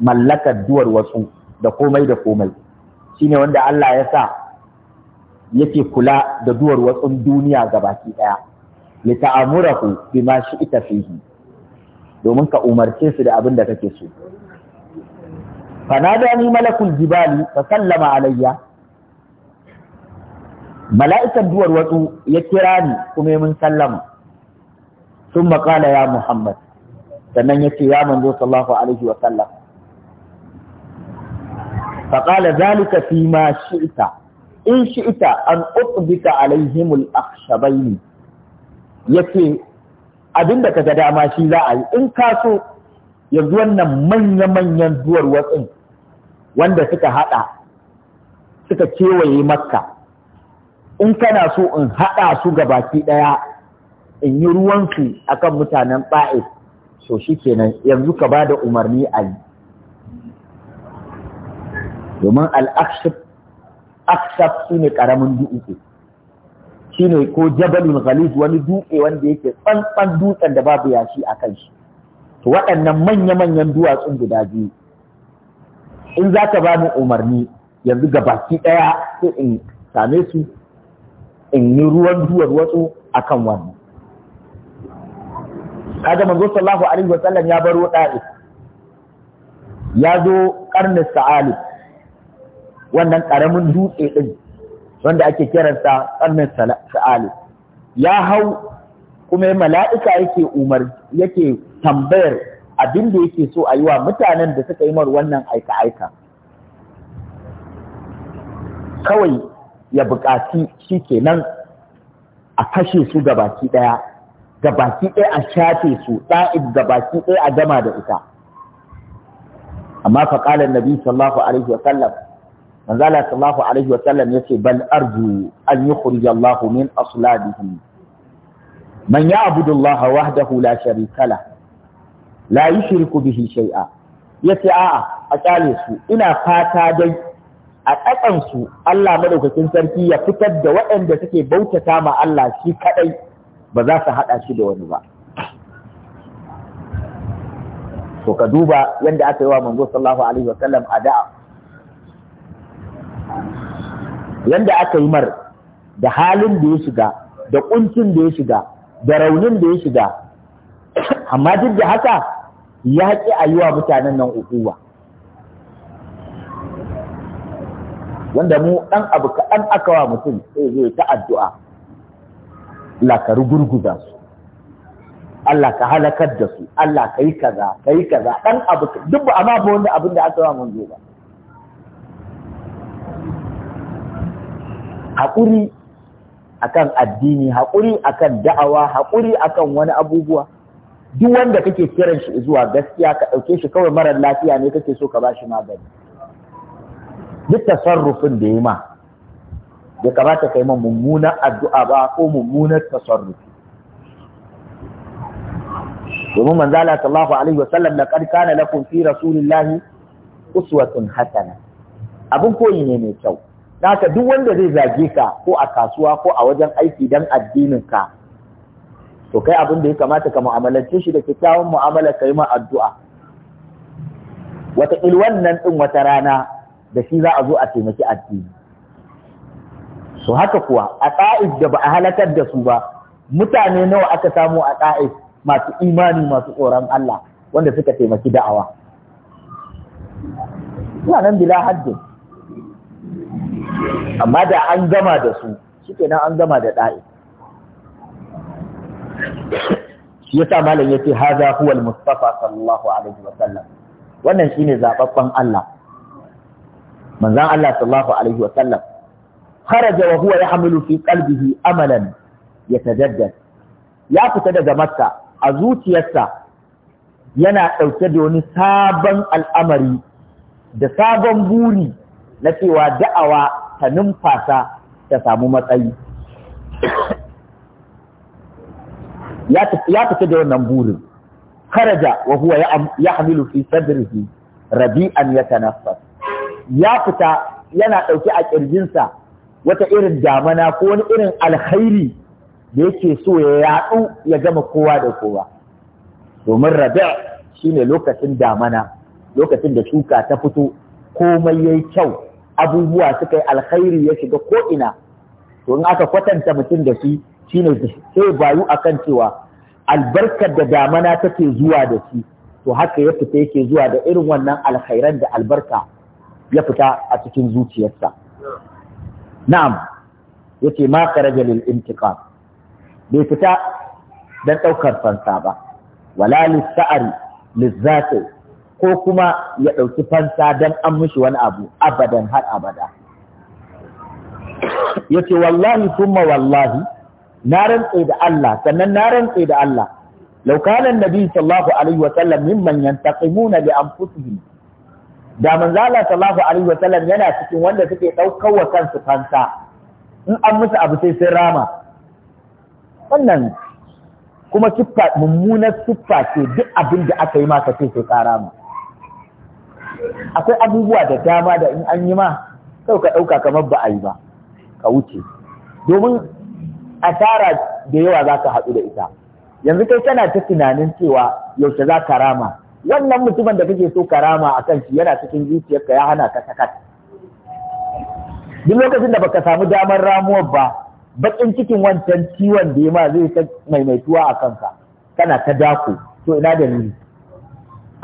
mallakar duwar watsu da komai da komai shi ne wanda Allah ya sa yake kula da duwar watsun duniya ga baki ɗaya li ta'amurahu bima shi ita fihi domin ka umarce su da abin da kake so fanada ni malakul jibali fa sallama alayya mala'ikan duwar watsu ya kira ni kuma mun sallama sun makala ya muhammad sannan ya ce ya manzo sallallahu alaihi wa sallam faƙala zalika fi ma shi'ita in shi'ita an uqbita alaihimul akhshabaini yace abinda kaga dama shi za a yi in ka so yanzu wannan manya-manyan duwar watsin wanda suka hada suka kewaye makka in kana so in haɗa su ga baki ɗaya in yi ruwansu akan mutanen ba'id so shi kenan yanzu ka ba da umarni a yi domin al'akshaf shi ne ƙaramin du'uke shi ne ko jabalin ghalis wani dutse wanda yake tsantsan dutsen da babu yashi a kan shi to waɗannan manya-manyan duwatsun guda biyu in za ka ba mu umarni yanzu ga baki ɗaya sai in same su in yi ruwan duwar watsu akan wannan kaga manzo sallahu alaihi wa sallam ya baro da'i ya zo karnin sa'ali wannan ƙaramin dutse ɗin, wanda ake kiransa karnin sa'ali ya hau kuma mala'ika yake umar yake tambayar abin da yake so a yi wa mutanen da suka yi mar wannan aika-aika kawai ya buƙaci shi kenan a kashe su gabaki ɗaya gabaki ɗaya a shafe su ɗa'ib ga ɗaya a gama da ita amma fa qala annabi sallallahu alaihi wa sallam manzo Allah sallallahu alaihi wa sallam yace bal arju an yukhrij Allah min aslabihim man ya'budu Allah wahdahu la sharika la la yushriku bihi shay'a yace a'a a kyale su ina fata dai a ƙasansu Allah madaukakin sarki ya fitar da waɗanda suke bautata ma Allah shi kaɗai ba za su haɗa shi da wani ba. To ka duba yadda aka yi wa manzo sallallahu alaihi wa sallam da'a. Yadda aka yi mar da halin da ya shiga, da ƙuncin da ya shiga, da raunin da ya shiga, amma duk da haka ya ƙi a yi wa mutanen nan ukuwa. wanda mu ɗan abu kaɗan aka wa mutum sai zai ta addu'a lakaru ka su Allah ka halakar da su Allah ka yi kaza ka yi kaza ɗan abu duk ba a mafi wanda abin da aka wa zo ba haƙuri akan addini haƙuri akan da'awa haƙuri akan wani abubuwa duk wanda kake kiran shi zuwa gaskiya ka ɗauke shi kawai marar lafiya ne kake so ka ba shi magani duk tasarrufin da ya ma bai kamata yi ma mummunan addu'a ba ko mummunan tasarrufi domin manzo Allah sallallahu alaihi wa sallam laqad kana lakum fi rasulillahi uswatun hasana abun koyi ne mai kyau ta duk wanda zai zage ka ko a kasuwa ko a wajen aiki don addinin ka to kai abin da ya kamata ka mu'amalance shi da kyakkyawan mu'amala ka yi ma addu'a wata wannan din wata rana da shi za a zo a taimaki addini su haka kuwa a ta'if da ba a halakar da su ba mutane nawa aka samu a ta'if masu imani masu tsoron Allah wanda suka taimaki da'awa suna nan bila haddin amma da an gama da su shikenan an gama da ɗa'i shi yasa malam ya ce haza huwal mustafa sallallahu alaihi wasallam wannan shine zababban Allah manzan Allah sallallahu alaihi wa sallam kharaja wa huwa yahmilu fi qalbihi amalan yatajaddad ya fita daga Makka a zuciyarsa yana ɗauke da wani sabon al'amari da sabon buri na cewa da'awa ta numfasa ta samu matsayi ya fita da wannan burin Haraja, wa huwa yahmilu fi sadrihi rabi'an yatanaffas ya fita yana ɗauke a ƙirjinsa wata irin damana ko wani irin alkhairi da yake so ya yaɗu ya gama kowa da kowa domin shi shine lokacin damana lokacin da shuka ta fito komai ya yi kyau abubuwa suka yi alkhairi ya shiga ko'ina. ina to in aka kwatanta mutum da shi shine sai bayu a kan cewa albarkar da damana take zuwa da shi to haka ya fita yake zuwa da irin wannan alkhairan da albarka ya fita a cikin zuciyarsa na'am yace ma kharaja lil intiqam bai fita dan ɗaukar fansa ba wala lis sa'ari ko kuma ya ɗauki fansa dan an mishi wani abu abadan har abada yace wallahi kuma wallahi na rantse da Allah sannan na rantse da Allah laukanan nabi النبي صلى الله عليه وسلم ممن ينتقمون da manzala sallallahu alaihi wa yana cikin wanda suke daukar wa kansu fansa in an musu abu sai sun rama wannan kuma kifa mummunar siffa ce duk abin da aka yi maka sai sai kara mu akwai abubuwa da dama da in an yi ma sau ka ɗauka kamar ba a yi ba ka wuce domin asara da yawa za ka haɗu da ita yanzu kai kana ta tunanin cewa yaushe za ka rama wannan mutumin da kake so karama a kan shi yana cikin zuciyarka ya hana ka sakat duk lokacin da baka samu damar ramuwar ba bakin cikin wancan ciwon da ya ma zai ta maimaituwa a kanka kana ta dako to ina da ni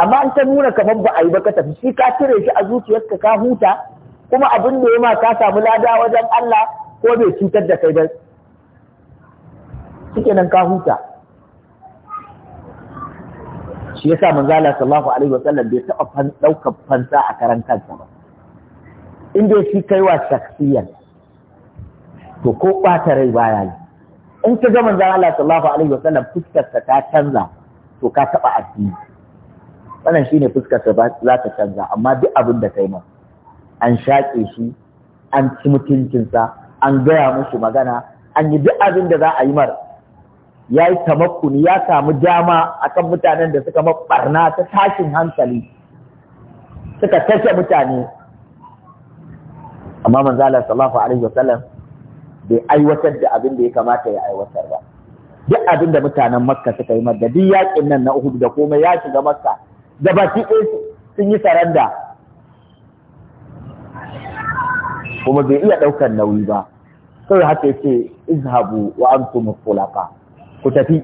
amma an ta nuna kamar ba a yi ba ka tafi shi ka cire shi a zuciyarka ka huta kuma abin da ya ma ka samu lada wajen Allah ko bai cutar da kai ba shikenan ka huta shi yasa manzo Allah sallallahu alaihi wasallam bai taɓa ɗaukar fansa a karan kansa ba in dai shi kaiwa shakhsiyan to ko ɓata rai baya yi in ka ga manzo Allah sallallahu alaihi wasallam fuskar ta ta canza to ka taɓa addini wannan shine fuskar ta za ta canza amma duk abin da kai ma an shaƙe shi an ci mutuncinsa an gaya musu magana an yi duk abin da za a yi mara. ya yi tamakuni ya samu dama kan mutanen da suka mabarna ta tashin hankali suka tashe mutane amma manzalar a sallallahu alaihi wasallam bai aiwatar da abin da ya kamata ya aiwatar ba duk abin da mutanen makka suka yi madda duk yakin nan na uhud da komai ya shiga makka da baki sun yi saranda kuma bai iya ɗaukar nauyi ba sai haka yace izhabu wa antum khulafa ku tafi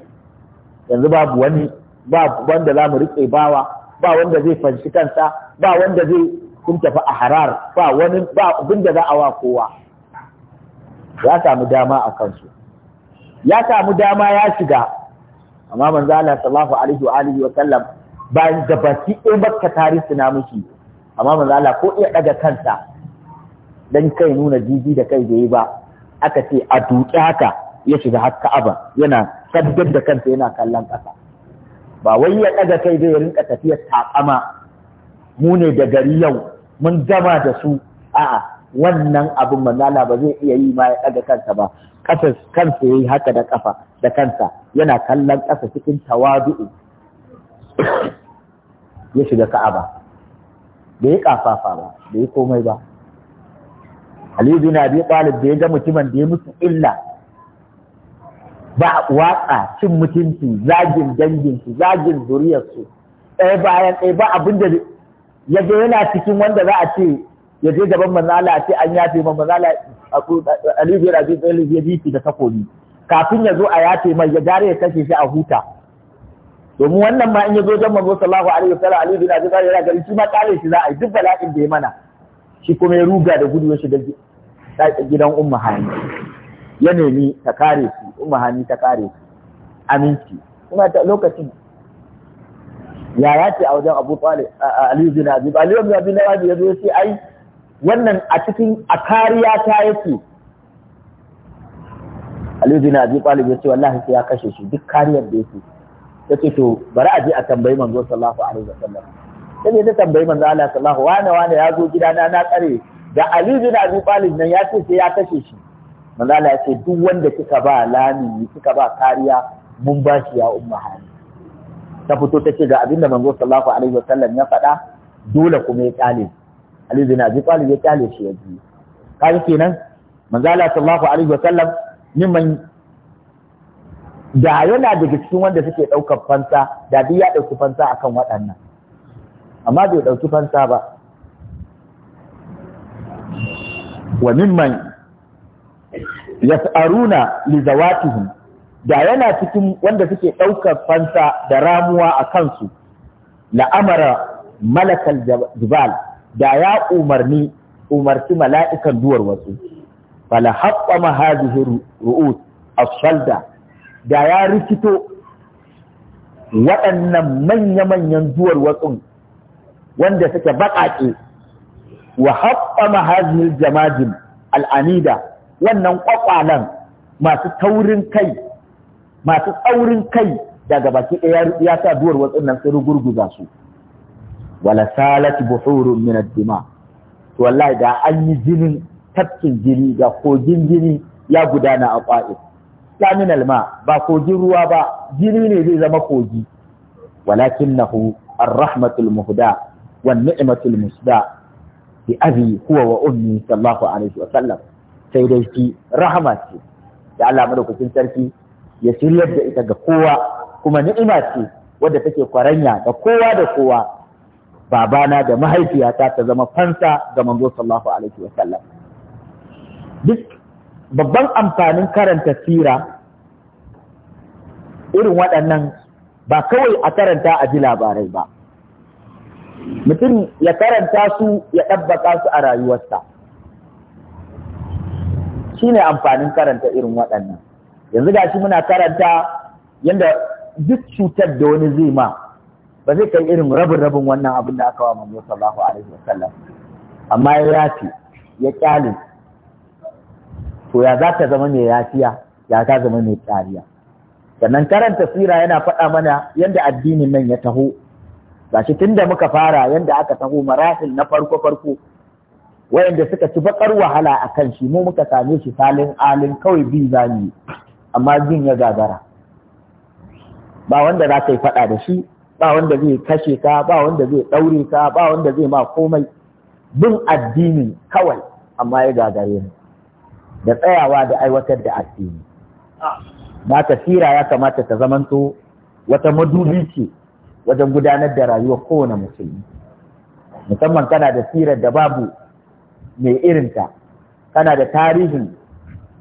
yanzu babu wani ba wanda za mu riƙe bawa ba wanda zai fanshi kansa ba wanda zai kun tafi a harar ba wani ba abin da za a wa kowa ya samu dama a kansu ya samu dama ya shiga amma manzo Allah sallallahu alaihi wa alihi wa sallam da baki ko makka tarihi na miki amma manzo Allah ko iya daga kansa dan kai nuna jiji da kai bai ba aka ce a duki haka ya shiga har Ka'aba yana Kaddar da kansa yana kallon ƙasa ba wai ya ɗaga kai zai rinka tafiyar taƙama mu ne da gari yau mun gama da su a'a wannan abin manala ba zai iya yi ma ya ɗaga kansa ba ƙasa kansa ya yi haka da ƙafa da kansa yana kallon ƙasa cikin tawadu'u ya shiga ka'aba bai yi ƙafafa ba bai yi komai ba Aliyu bin Abi Talib da ya ga mutumin da ya mutu illa ba watsa cin mutunci zagin danginsu zagin zuriyarsu ɗaya bayan ɗaya ba abin da ya je yana cikin wanda za a ce ya je gaban manzala a ce an yafe ma manzala Aliyu bin Abi Talib ya biki da takobi kafin ya zo a yafe mai ya gare ya kashe shi a huta domin wannan ma in ya zo don manzo sallallahu alaihi wasallam Aliyu bin Abi da yana gari shi ma kare shi za a yi duk bala'in da ya mana shi kuma ya ruga da gudu ya shiga gidan Ummu hali. ya nemi ta kare shi hannu ta kare aminci kuma ta lokacin ya ya ce a wajen Abu Talib Ali bin Abi Talib Ali bin Abi Talib ya zo sai ai wannan a cikin a kariya ta yake Ali bin Abu Talib ya ce wallahi sai ya kashe shi duk kariyar da ya Ta ce to bari a je a tambayi manzo a alaihi wasallam sai ta tambayi manzo Allah sallahu wane wane ya zo gidana na tsare da Ali bin Abu Talib nan ya ce sai ya kashe shi manzo Allah ya ce duk wanda kika ba lamini kika ba kariya mun ba shi ya umma hali ta fito ta ce ga abin da manzo sallallahu alaihi wasallam ya faɗa dole kuma ya kyale Ali bin Abi Talib ya kyale shi ya ji kaji kenan manzo Allah sallallahu alaihi wasallam man da yana daga cikin wanda suke ɗaukar fansa da duk ya ɗauki fansa akan waɗannan amma bai ɗauki fansa ba wa man. yas'aruna li zawatihim da yana cikin wanda suke ɗaukar fansa da ramuwa a kansu la'amara malakal jibal da ya umarni umarci mala'ikan duwar wasu fala haɓɓa mahajihi ru'us as da ya rikito waɗannan manya-manyan duwar wasu wanda suke baƙaƙe wa haɓɓa mahajihil jamajin al'anida wannan kwakwalan masu taurin kai masu tsaurin kai daga baki ɗaya ya sa duwar wasu nan sun gurguza su wala salati buhurun min ad-dima to wallahi da an yi jinin tafkin jini da kogin jini ya gudana a kwai lamin alma ba kogin ruwa ba jini ne zai zama kogi walakinahu ar-rahmatul muhda wan ni'matul musda bi abi huwa wa ummi sallallahu alaihi wa sallam sai dai shi rahama ce da Allah madaukakin sarki ya shiryar da ita ga kowa kuma ni'ima ce wadda take kwaranya da kowa da kowa babana da mahaifiyata ta zama fansa ga manzo sallallahu alaihi wa sallam duk babban amfanin karanta sira irin waɗannan ba kawai a karanta a ji labarai ba mutum ya karanta su ya ɗabbaka su a rayuwarsa shi ne amfanin karanta irin waɗannan yanzu gashi muna karanta yadda duk cutar da wani zai ma ba zai kai irin rabin rabin wannan abin da aka wa manzo sallallahu alaihi wasallam amma ya yafi ya kyale to ya za ta zama mai yafiya ya ta zama mai tsariya sannan karanta sira yana faɗa mana yadda addinin nan ya taho gashi tun da muka fara yadda aka taho marahil na farko farko wayanda suka ci bakar wahala a kan shi mu muka same shi salin alin kawai bi za mu yi amma jin ya gagara ba wanda za ka yi faɗa da shi ba wanda zai kashe ka ba wanda zai ɗaure ka ba wanda zai ma komai bin addini kawai amma ya gagare mu da tsayawa da aiwatar da addini na tafira ya kamata ta zamanto wata madubi ce wajen gudanar da rayuwar kowane musulmi musamman kana da sirar da babu mai irinta kana da tarihin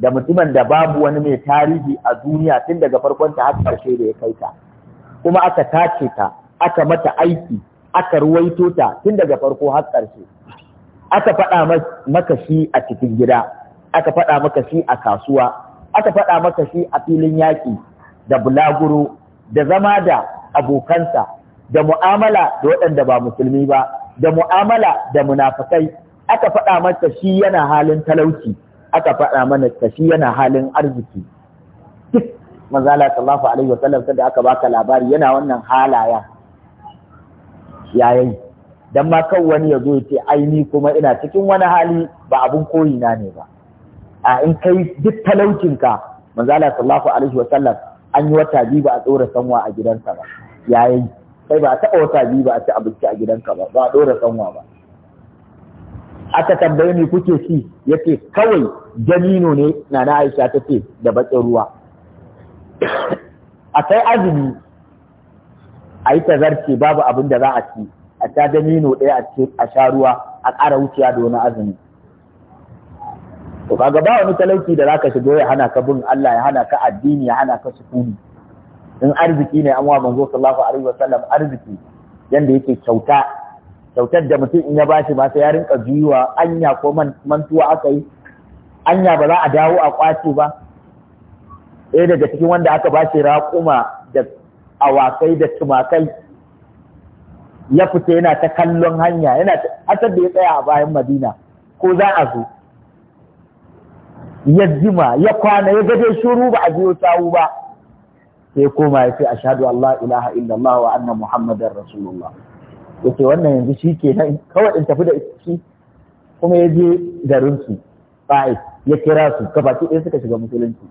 da mutumin da babu wani mai tarihi a duniya tun daga farkonta har ƙarshe da ya kai ta kuma aka tace ta aka mata aiki aka ruwaito ta tun daga farko har ƙarshe aka faɗa maka shi a cikin gida aka faɗa maka shi a kasuwa aka faɗa maka shi a filin yaƙi da bulaguro da zama da abokansa da mu'amala da waɗanda ba musulmi ba da mu'amala da munafukai aka faɗa masa shi yana halin talauci aka faɗa mana ka shi yana halin arziki duk manzala sallallahu alaihi wa sallam sanda aka baka labari yana wannan halaya yayi dan ma kan wani ya zo ya ce ai ni kuma ina cikin wani hali ba abun koyi na ne ba a in kai duk talaucinka manzala sallallahu alaihi wa sallam an yi wata biyu ba a tsora sanwa a gidansa ba yayi kai ba a taɓa wata biyu ba a ci abinci a gidanka ba ba a tsora sanwa ba aka tambaye ni kuke ci yace kawai jamino ne na na Aisha ta ce da bakin ruwa Akai azumi a yi babu abin da za a ci a ta jamino ɗaya a sha ruwa a ƙara wuciya da wani azumi to kaga ba wani talauci da zaka shigo ya hana ka bin Allah ya hana ka addini ya hana ka sukuni in arziki ne an wa manzo sallallahu alaihi wasallam arziki yanda yake kyauta kyautar da mutum in ya bashi ba sai ya rinka juyuwa anya ko mantuwa aka yi anya ba za a dawo a kwace ba Eh daga cikin wanda aka bashi raƙuma da awakai da tumakai ya fita yana ta kallon hanya yana asar da ya tsaya a bayan madina ko za a zo ya jima ya kwana ya gaje shuru ba a biyo tawo ba sai koma ya ce ashhadu Allah ilaha illallah wa anna muhammadar rasulullah yace wannan yanzu shi ke nan kawai in tafi da shi kuma ya je garinsu Fa'is ya kira su gabaki ɗaya suka shiga musulunci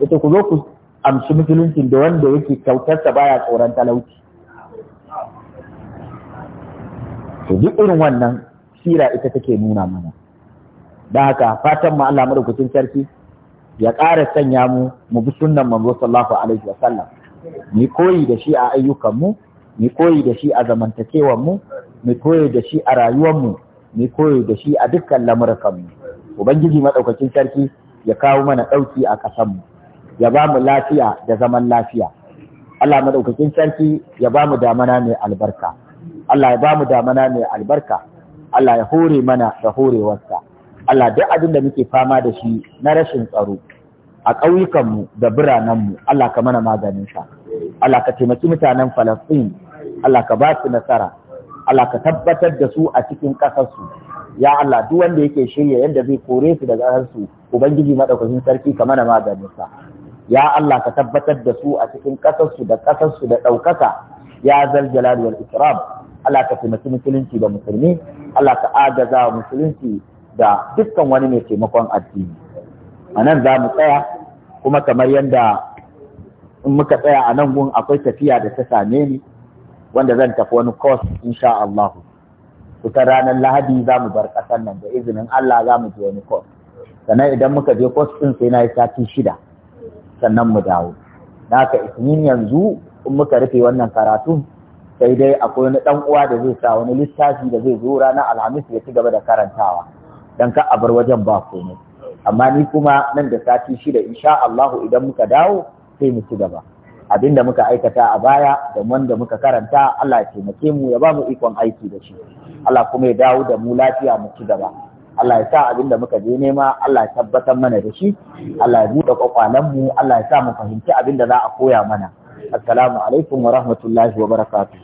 ita ku zo ku amshi musulunci da wanda yake kyautarsa baya tsoron talauci to duk irin wannan sira ita take nuna mana da haka fatan ma Allah madaukakin sarki ya ƙara sanya mu mu bi sunnan manzo sallallahu alaihi wa sallam koyi da shi a ayyukan mu mu koyi da shi a zamantakewar mu mu koyi da shi a rayuwar mu mu koyi da shi a dukkan lamurukan mu ubangiji madaukakin sarki ya kawo mana dauki a ƙasar mu ya ba mu lafiya da zaman lafiya Allah madaukakin sarki ya ba mu damana mai albarka Allah ya ba mu damana mai albarka Allah ya hore mana da horewarsa Allah duk abin da muke fama da shi na rashin tsaro a ƙauyukanmu da biranenmu Allah ka mana maganin sa Allah ka taimaki mutanen Falastin Allah ka ba su nasara Allah ka tabbatar da su a cikin ƙasarsu ya Allah duk wanda yake shirya yadda zai kore su daga ƙasarsu ubangiji madaukakin sarki ka mana sa. ya Allah ka tabbatar da su a cikin ƙasarsu da ƙasarsu da ɗaukaka ya zal jalal wal ikram Allah ka taimaki musulunci da musulmi Allah ka agaza musulunci da dukkan wani mai taimakon addini a nan za mu tsaya kuma kamar yadda in muka tsaya a nan gun akwai tafiya da ta same ni wanda zan tafi wani course insha Allah kuta ranar Lahadi za mu bar ƙasar nan da izinin Allah za mu je wani course sannan idan muka je course ɗin sai na yi sati shida sannan mu dawo da haka isnin yanzu in muka rufe wannan karatun sai dai akwai wani dan uwa da zai sa wani littafi da zai zo ranar Alhamis ya ci gaba da karantawa dan ka a bar wajen ba komai amma ni kuma nan da sati shida insha Allah idan muka dawo sai mu ci gaba abinda muka aikata a baya da wanda muka karanta Allah ya taimake mu ya ba mu ikon aiki da shi Allah kuma ya dawo da mu lafiya mu ci gaba Allah ya sa abinda muka je nema Allah ya tabbatar mana da shi Allah ya buɗe kwakwalen mu Allah ya sa mu fahimci abinda za a koya mana assalamu alaikum wa rahmatullahi wa barakatuh